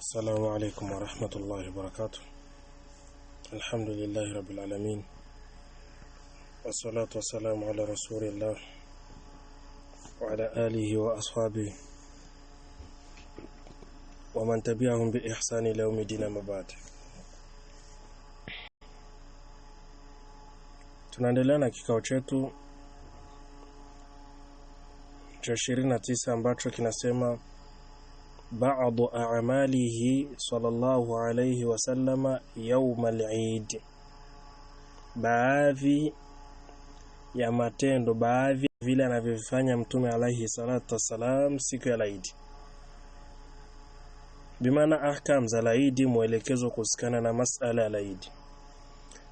السلام عليكم ورحمة الله وبركاته الحمد لله رب العالمين والصلاة والسلام على رسول الله وعلى آله وأصحابه ومن تبعهم بإحسان إلى يوم الدين مبعد tunaendelea na kikao chetu cha 29 بعض أعماله صلى الله عليه وسلم يوم العيد baadhi ya matendo baadhi vile anavyofanya mtume alaihi salatu wassalam siku ya laidi bimaana ahkam za laidi mwelekezo kuhusikana na masala ya laidi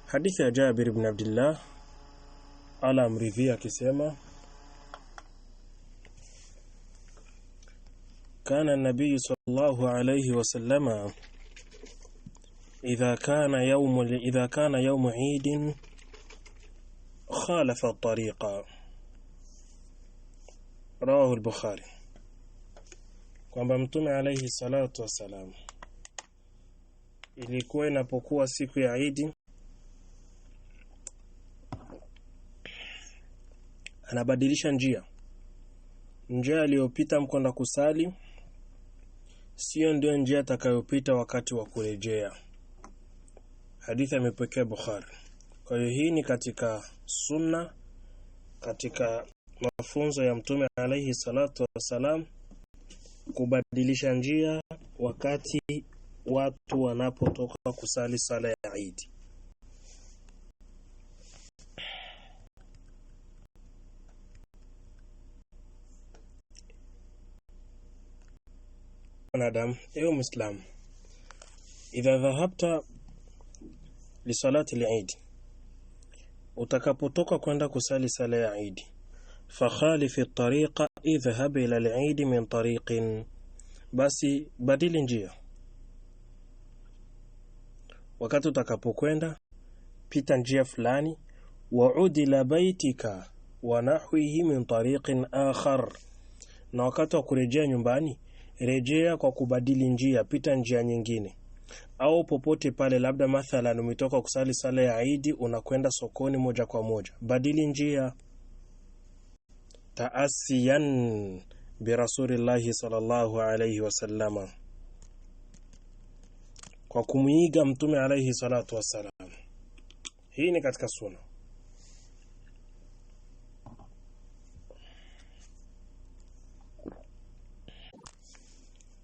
hadithi ya jabir bn abdillah ala akisema كان النبي صلى الله عليه وسلم إذا كان يوم إذا كان يوم عيد خالف الطريق رواه البخاري kwamba mtume alayhi salatu wassalam ilikuwa inapokuwa siku ya Idi anabadilisha njia njia aliyopita mkwenda kusali Sio ndio njia atakayopita wakati wa kurejea. Hadithi amepokea Bukhari. Kwa hiyo hii ni katika sunna katika mafunzo ya Mtume alaihi salatu wassalam kubadilisha njia wakati watu wanapotoka kusali sala ya Idi. Mwanadamu, ewe Muislamu, idha dhahabta lisalati lidi, utakapotoka kwenda kusali sala ya Idi, fakhalifi tariqa idhhab ila lidi min tariqin, basi badili njia. Wakati utakapokwenda pita njia fulani, waud ila baitika wa nahwihi min tariqin akhar, na wakati wa kurejea nyumbani rejea kwa kubadili njia, pita njia nyingine au popote pale, labda mathalan umetoka kusali sala ya Idi unakwenda sokoni moja kwa moja, badili njia. Taasiyan birasulillahi sallallahu alayhi wasallama, kwa kumwiga Mtume alayhi salatu wassalam. Hii ni katika suna.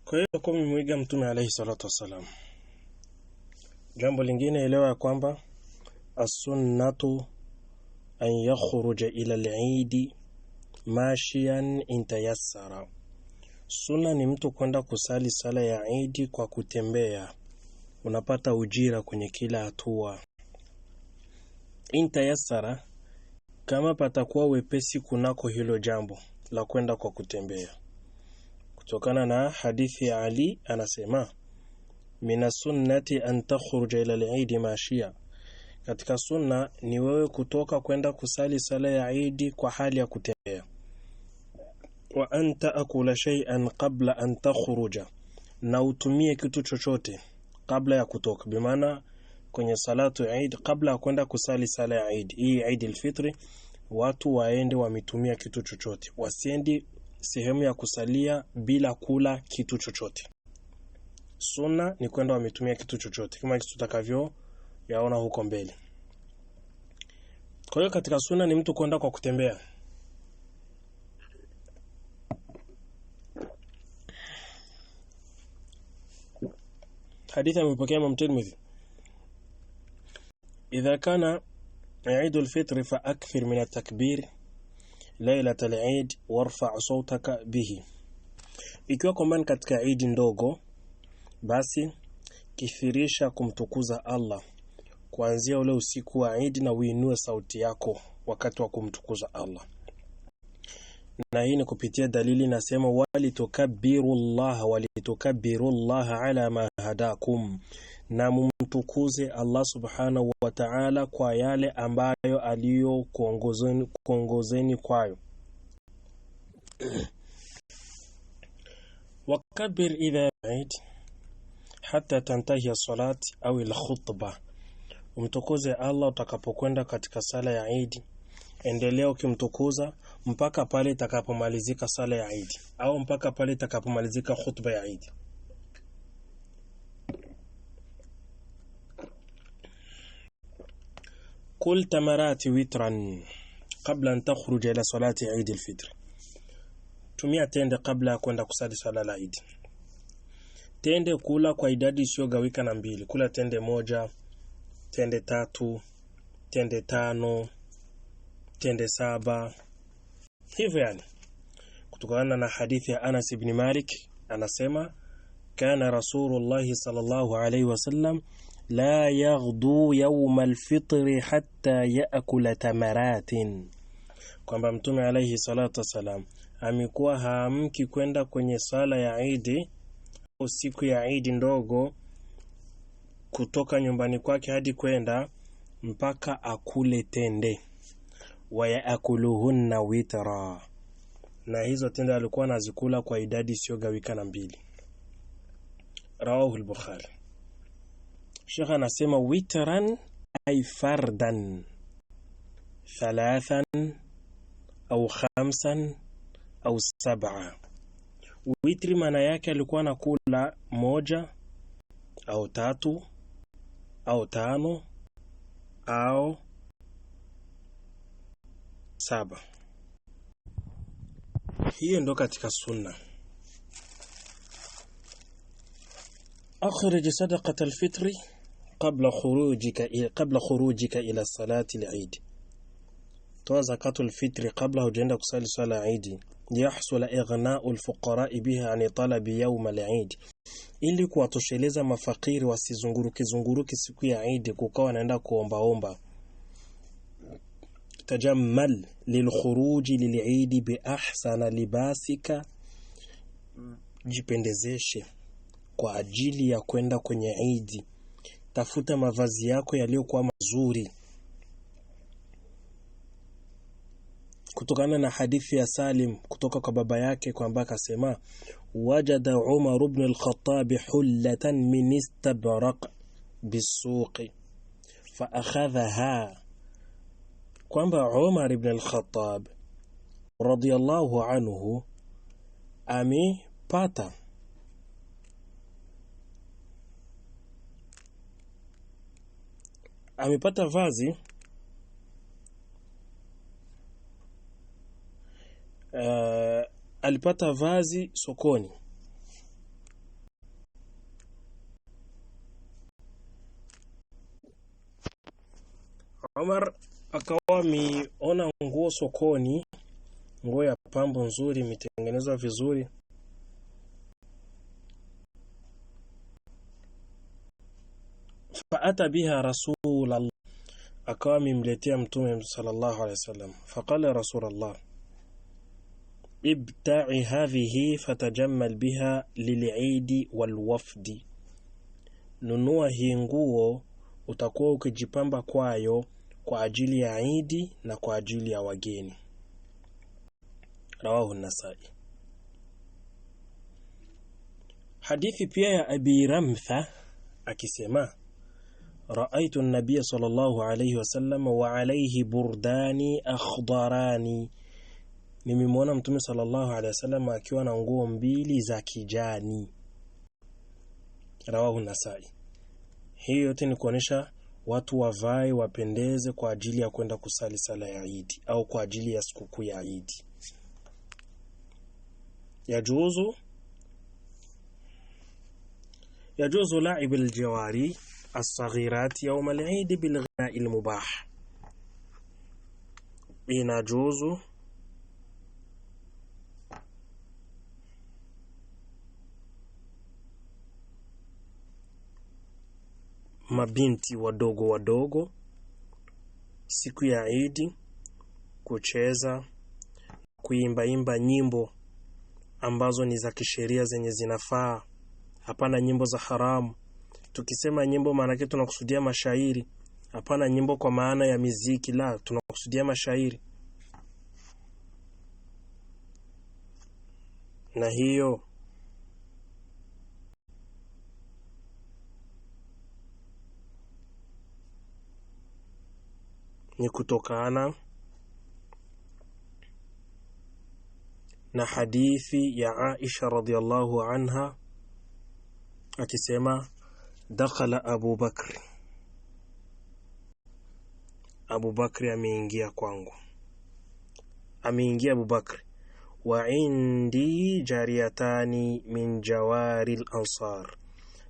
Kwa hiyo kwa Mtume alayhi salatu wassalam. Jambo lingine elewa ya kwamba as-sunnatu an yakhruja ila al-eid mashiyan intayassara. Sunna ni mtu kwenda kusali sala ya Eid kwa kutembea, unapata ujira kwenye kila hatua. Intayassara, kama patakuwa wepesi kunako hilo jambo la kwenda kwa kutembea kutokana na hadithi ya Ali anasema mina sunnati an takhruja ila al-eid mashia, katika sunna ni wewe kutoka kwenda kusali sala ya Eid kwa hali ya kutembea. Wa anta akula shay'an qabla an takhruja, na utumie kitu chochote kabla ya kutoka, bimaana kwenye salatu ya Eid, kabla ya kwenda kusali sala ya Eid hii Eid al-Fitr, watu waende wametumia kitu chochote, wasiendi sehemu ya kusalia bila kula kitu chochote. Sunna ni kwenda wametumia kitu chochote kama tutakavyo yaona huko mbele. Kwa hiyo katika sunna ni mtu kwenda kwa kutembea. Hadithi amepokea Imam Tirmidhi. Idha kana Eid al-Fitr fa akthir min at-takbir lailatul Eid warfa sautaka bihi. Ikiwa kwamba ni katika Eid ndogo, basi kifirisha kumtukuza Allah kuanzia ule usiku wa Eid na uinue sauti yako wakati wa kumtukuza Allah. Na hii ni kupitia dalili inasema, walitukabiru Allah walitukabiru Allah ala ma hadakum na mumtukuze Allah subhanahu wa ta'ala kwa yale ambayo aliyokuongozeni kuongozeni kwayo. wakabir idha maid hata tantahi salat au khutba, umtukuze Allah utakapokwenda katika sala ya Eid. Endelea ukimtukuza mpaka pale itakapomalizika sala ya Eid au mpaka pale itakapomalizika khutba ya Eid. kul tamarat وترا قبل an تخرج ila صلاة عيد الفطر tumia tende kabla ya kwenda kusali sala la Eid. Tende kula kwa idadi isiyogawika na mbili. Kula tende moja, tende tatu, tende tano, tende saba, hivyo yani, kutokana na hadithi ya Anas ibn Malik anasema kana Rasulullah sallallahu alayhi wasallam la yaghdu yawma alfitri hatta yaakula tamaratin, kwamba Mtume alayhi salatu wassalam amekuwa haamki kwenda kwenye sala ya Idi au siku ya Idi ndogo kutoka nyumbani kwake hadi kwenda mpaka akule tende wayakuluhunna witra, na hizo tende alikuwa anazikula kwa idadi isiyogawika na mbili. Rawahu al-Bukhari. Shekhe anasema witran ay fardan thalathan au khamsan au sab'a. Witri maana yake alikuwa anakula moja au tatu au tano au saba. Hiyo ndo katika sunna. Akhrij sadaqat alfitri qabla khurujika qabla khurujika ila salati al-Eid toa zakatul fitri kabla hujaenda kusali swala Eid yahsula ighna'u al-fuqara biha an talabi yawm al-Eid ili kuwatosheleza mafakiri wasizunguruki zunguruki siku ya Eid kukawa naenda kuombaomba tajammal lil-Eid bi biahsana libasika jipendezeshe kwa ajili ya kwenda kwenye Eid tafuta mavazi yako yaliyokuwa mazuri. Kutokana na hadithi ya Salim kutoka kwa baba yake kwamba akasema, wajada Umar ibn al-Khattab hullatan min istabraq bisuqi faakhadhaha, kwamba Umar ibn al-Khattab radiyallahu anhu amepata amepata vazi uh, alipata vazi sokoni Omar akawa ameona nguo sokoni, nguo ya pambo nzuri imetengenezwa vizuri, faata biha rasulallah, akawa amemletea mtume sallallahu alayhi wasallam. Faqala rasulallah ibta'i hadhihi fatajammal biha lil'idi walwafdi, nunua hii nguo utakuwa ukijipamba kwayo kwa ajili ya idi na kwa ajili ya wageni. Rawahu Nasai. Hadithi pia ya Abi Ramtha akisema رأيت النبي صلى الله عليه wasallam وعليه بردان أخضران nimemwona mtume sallallahu alaihi wasallam akiwa na nguo mbili za kijani rawahu nasai hii yote ni kuonesha watu wavae wapendeze kwa ajili ya kwenda kusali sala ya Idi au kwa ajili ya sikukuu ya Idi yajuzu yajuzu laib aljawari الصغيرات يوم العيد بالغناء المباح inajuzu mabinti wadogo wadogo siku ya Idi kucheza kuimbaimba nyimbo ambazo ni za kisheria zenye zinafaa, hapana nyimbo za haramu tukisema nyimbo maanake tunakusudia mashairi. Hapana nyimbo kwa maana ya miziki, la, tunakusudia mashairi. Na hiyo ni kutokana na hadithi ya Aisha radhiallahu anha akisema dakhala Abu Bakri, ameingia kwangu, ameingia Abu Bakri. Wa indi jariyatani min jawari lansar,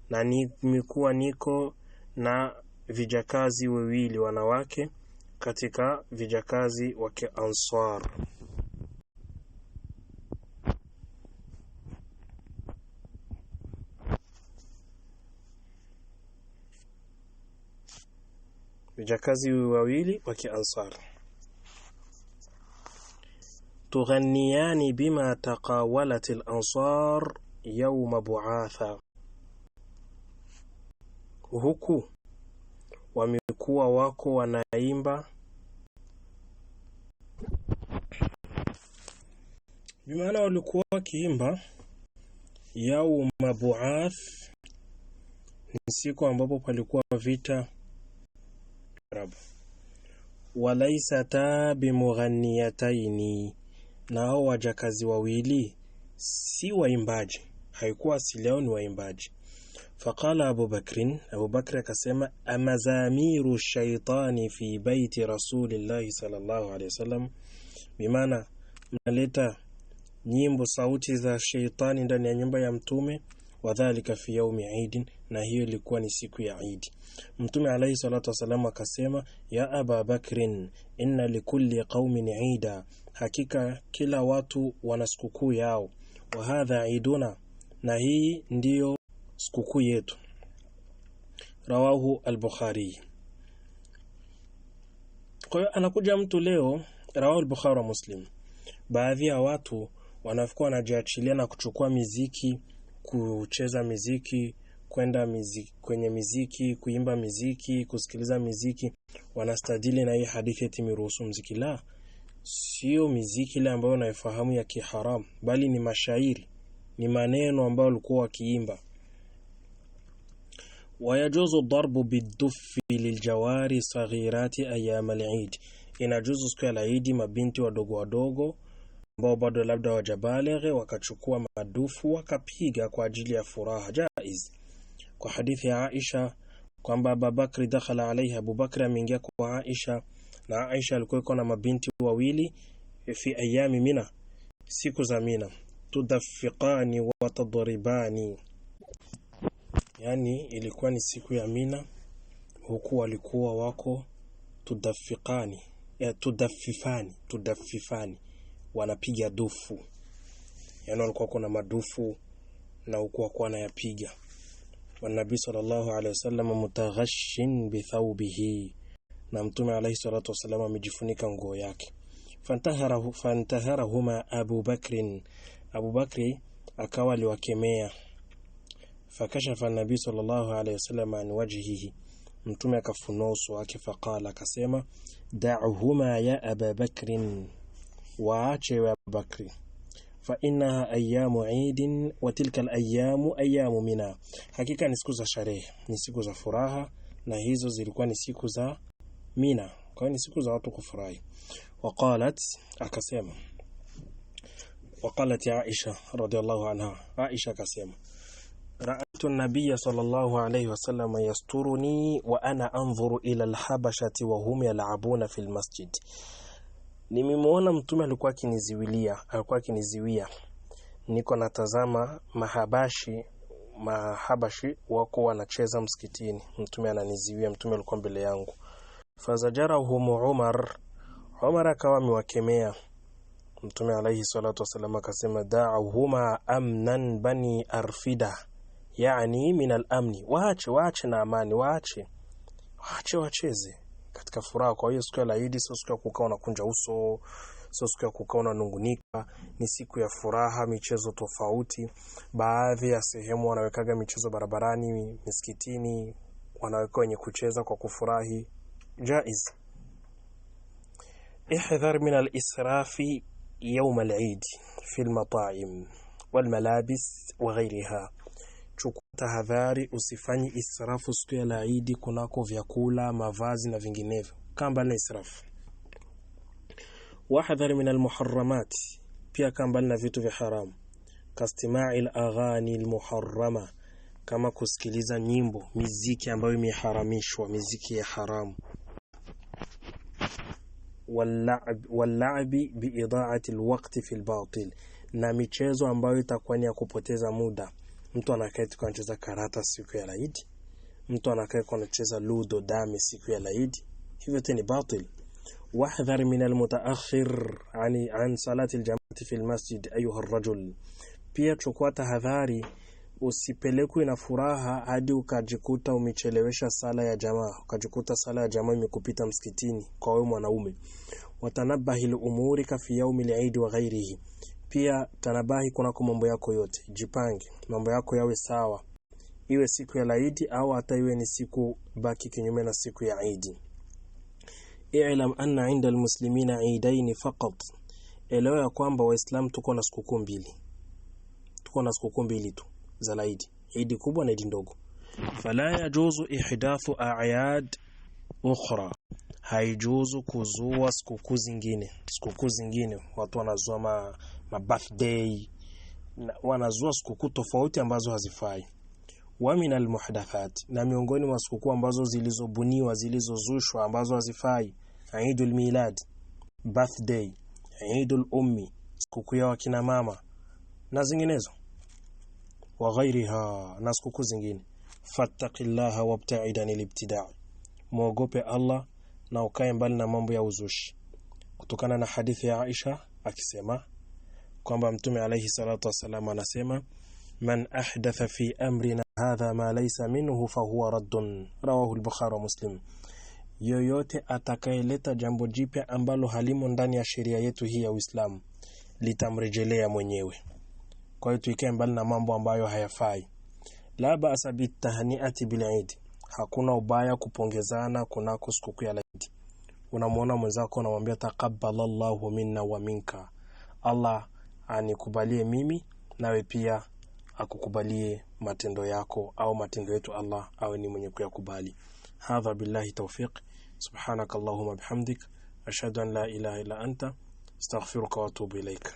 na nimekuwa niko na vijakazi wawili wanawake katika vijakazi wa Kiansar. vijakazi wawili wa Kiansar tughaniyani bima taqawalat al-ansar yawm bu'atha huku wamekuwa wako wanaimba bimaana walikuwa wakiimba yauma buath ni siku ambapo palikuwa vita akrab walaisata bimughanniyataini, na hao wajakazi wawili si waimbaji, haikuwa asili ni waimbaji. Faqala Abubakrin, Abubakri akasema amazamiru shaitani fi baiti rasulillahi sallallahu alayhi wasallam, bimaana mnaleta nyimbo sauti za sheitani ndani ya nyumba ya Mtume wadhalika fi yaumi idi, na hiyo ilikuwa ni siku ya Idi. Mtume alayhi salatu wasalam akasema, ya Aba Bakrin, inna likulli qaumin ida, hakika kila watu wana sikukuu yao, wa hadha iduna, na hii ndiyo sikukuu yetu. Rawahu al-Bukhari. Kwa hiyo anakuja mtu leo, rawahu al-Bukhari wa Muslim, baadhi ya watu wanakuwa wanajiachilia na kuchukua miziki kucheza miziki, kwenda miziki, kwenye miziki, kuimba miziki, kusikiliza miziki, wanastadili na hii hadithi timiruhusu mziki la sio miziki ile ambayo unaifahamu ya kiharam bali ni mashairi, ni maneno ambayo walikuwa wakiimba. wayajuzu darbu bidufi liljawari saghirati ayama lidi, inajuzu siku ya laidi mabinti wadogo wadogo ambao bado labda wajabaleghe wakachukua madufu wakapiga kwa ajili ya furaha jaiz, kwa hadithi ya Aisha kwamba Abubakri dakhala alaiha, Abubakri ameingia kwa Aisha na Aisha alikuwa na mabinti wawili fi ayami Mina, siku za Mina, tudaffiqani wa tadribani, yani ilikuwa ni siku ya Mina, huku walikuwa wako tudaffiqani, eh, tudafifani, tudafifani wanapiga dufu, yaani walikuwa kuna madufu na huku wakuwa wanayapiga. Wanabii sallallahu alaihi wasallam mutaghashin bithaubihi, na mtume alaihi salatu wasallam amejifunika nguo yake. Fantaharahu, fantaharahuma Abu Bakrin, Abu Bakri akawa aliwakemea. Fakashafa nabii sallallahu alaihi wasallam an wajhihi Mtume akafunua uso wake, faqala akasema, da'uhuma ya Aba Bakrin, وعاتشوا بكري فإنها أيام عيد وتلك الأيام أيام mina hakika ni siku za فراها ni siku za furaha na hizo zilikuwa ni siku za mina وقالت عائشة رضي الله عنها عائشة كسيما رأيت النبي صلى الله عليه وسلم يسترني وأنا أنظر إلى الحبشة وهم يلعبون في المسجد Nimemwona mtume alikuwa akiniziwilia, alikuwa akiniziwia, niko natazama mahabashi, mahabashi wako wanacheza msikitini, mtume ananiziwia, mtume alikuwa mbele yangu. Fazajarahumu Umar, Umar akawa amewakemea Mtume alaihi salatu wasalam akasema daahuma amnan bani arfida, yani min alamni, waache waache na amani, waache waache wacheze katika furaha. Kwa hiyo siku ya laidi sio siku ya kukaa unakunja uso, sio siku ya kukaa unanungunika, ni siku ya furaha, michezo tofauti. Baadhi ya sehemu wanawekaga michezo barabarani, misikitini, wanaweka wenye kucheza kwa kufurahi. Jaiz. Ihdhar min al-israfi yawm al-eid fi al-mata'im wal malabis wa ghayriha Chukua tahadhari usifanyi israfu siku ya laidi kunako vyakula, mavazi na vinginevyo. Kamba na israfu. Wahadhar min almuharramat, pia kamba na vitu vya haramu. Kastimai alaghani almuharrama, kama kusikiliza nyimbo, miziki ambayo imeharamishwa, miziki ya haramu. Walabi biidaati alwaqti fi albatil, na michezo ambayo itakuwa ni ya kupoteza muda mtu anakae tu anacheza karata siku ya laidi, mtu anakae kwa anacheza ludo dami siku ya laidi, hivyo tena ni batil. Wahdhar min almutaakhir ani an salati aljamaati fi almasjid ayuha arrajul, pia chukua tahadhari usipelekwe na furaha hadi ukajikuta umechelewesha sala ya jamaa, ukajikuta sala ya jamaa imekupita msikitini kwa wewe mwanaume. Watanabahi lumurika fi yaumi lidi wa ghairihi, pia tanabahi kunako mambo yako yote, jipange, mambo yako yawe sawa, iwe siku ya laidi au hata iwe ni siku baki kinyume na siku ya idi. Ilam anna inda almuslimina idaini faqat, elewa ya kwamba Waislamu tuko na sikukuu mbili, tuko na sikukuu mbili tu za laidi, idi kubwa na idi ndogo. Fala yajuzu ihdathu a'yad ukhra haijuzu kuzua sikukuu zingine, sikukuu zingine watu wanazua mabirthday wanazua sikukuu tofauti ambazo hazifai. Wa min almuhdathat, na miongoni mwa sikukuu ambazo zilizobuniwa zilizozushwa ambazo hazifai, Eidul Milad, birthday, Eidul Ummi, sikukuu ya wakina mama na zinginezo, wa ghairiha, na sikukuu zingine. Fattaqillaha wabta'id anil ibtida', muogope Allah na ukae mbali na mambo ya uzushi, kutokana na hadithi ya Aisha akisema kwamba mtume alayhi salatu wasalam anasema man ahdatha fi amrina hadha ma laysa minhu fahuwa raddun rawahu al-bukhari wa muslim yoyote atakayeleta jambo jipya ambalo halimo ndani ya sheria yetu hii ya Uislamu litamrejelea mwenyewe kwa hiyo tuikae mbali na mambo ambayo hayafai la ba'sa bi bitahniati bil'id hakuna ubaya kupongezana kunako sikukuu ya Eid unamwona mwenzako unamwambia taqabbalallahu minna wa minka Allah anikubalie mimi nawe pia akukubalie matendo yako au matendo yetu Allah awe ni mwenye kuyakubali hadha billahi tawfiq subhanakallahumma bihamdik ashhadu an la ilaha illa anta astaghfiruka wa atubu ilaika